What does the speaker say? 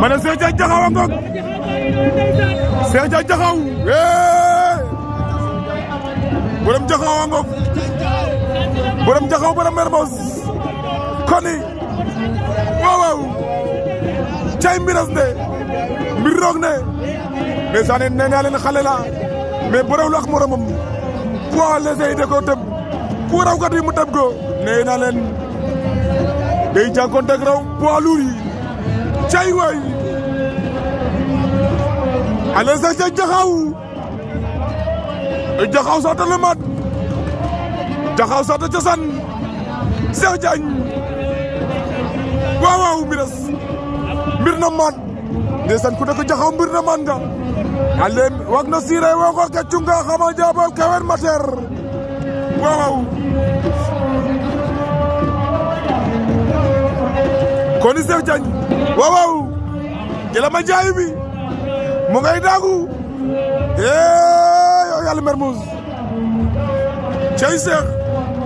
ma ne Cheikh Diaw a ngoog Cheikh Diaw Diaw borom Diaw a ngoog borom Diaw koni waaw cay mbiras ne mbir roog ne mais saa ne nee naa leen xale la mais borom la yi da koo tëb ku raw mu tëb ko nee naa leen day jànkoonte ak raw cay waay ale sa ca jaxaw jaxaw saata le mat jaxaw saata cosaan Cheikh Diagne waaw waaw miras mbir na mat ndeysaan ku dëkk jaxaw mbir na mat nga ale wag na siire woo ko kecunga xama jaabal kawen mater waaw waaw kon Cheikh Diagne waaw waaw jëlama jaay bi mu ngay daagu cey Cheikh